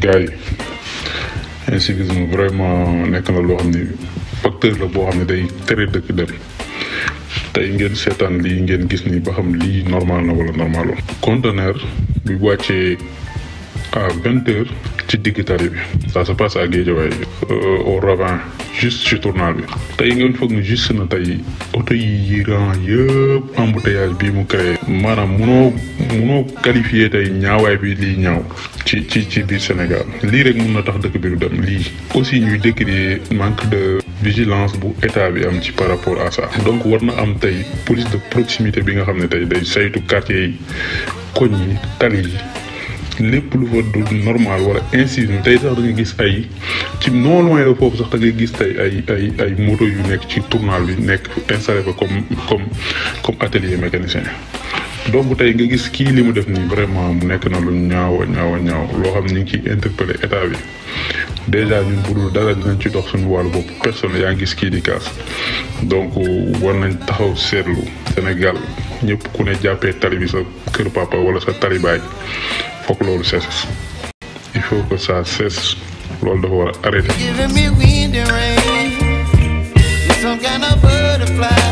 gars yi insécurisme vraiment nekk na loo xam ni facteur la boo xam ne day tere dëkk dem tey ngeen seetaan lii ngeen gis ni ba xam lii normal na wala normalul conteneur bi wàccee à vingt heures ci digg tali bi ça se passe à Guédiawaye Euh, au ravin juste ci tournant Tay tey ngeen foog ni juste na tay auto yi rang yëpp embouteillage bi mu créé maanaam munoo munoo qualifier tay ñaaway bi li ñaaw ci ci ci bi Sénégal li rek mun na tax dëkk bi du dem lii aussi ñuy décrier manque de vigilance bu état bi am ci par rapport à ça donc war na am tay police de proximité bi nga xamné tay day saytu quartier yi koñ yi tali yi lépp lu fa du normal wala insigne tay sax da nga gis ay ci non loin de foofu sax da ngay gis tey ay ay ay moto yu nekk ci tournal bi nekk installé ko comme comme comme atelier mécanicien donc tey nga gis kii li mu def nii vraiment mu nekk na lu ñaaw a ñaaw a ñaaw loo xam ni ñu ngi ciy interpellé état bi déjà ñu bu dul dara dinañ ci dox suñu wàllu bopp personne yaa ngi gis kii di kaas donc war nañ taxaw seetlu Sénégal ñëpp ku ne jàppee tali sa kër papa wala sa talibaay foog loolu cesse il faut que ça cesse. rain, some kind of butterfly.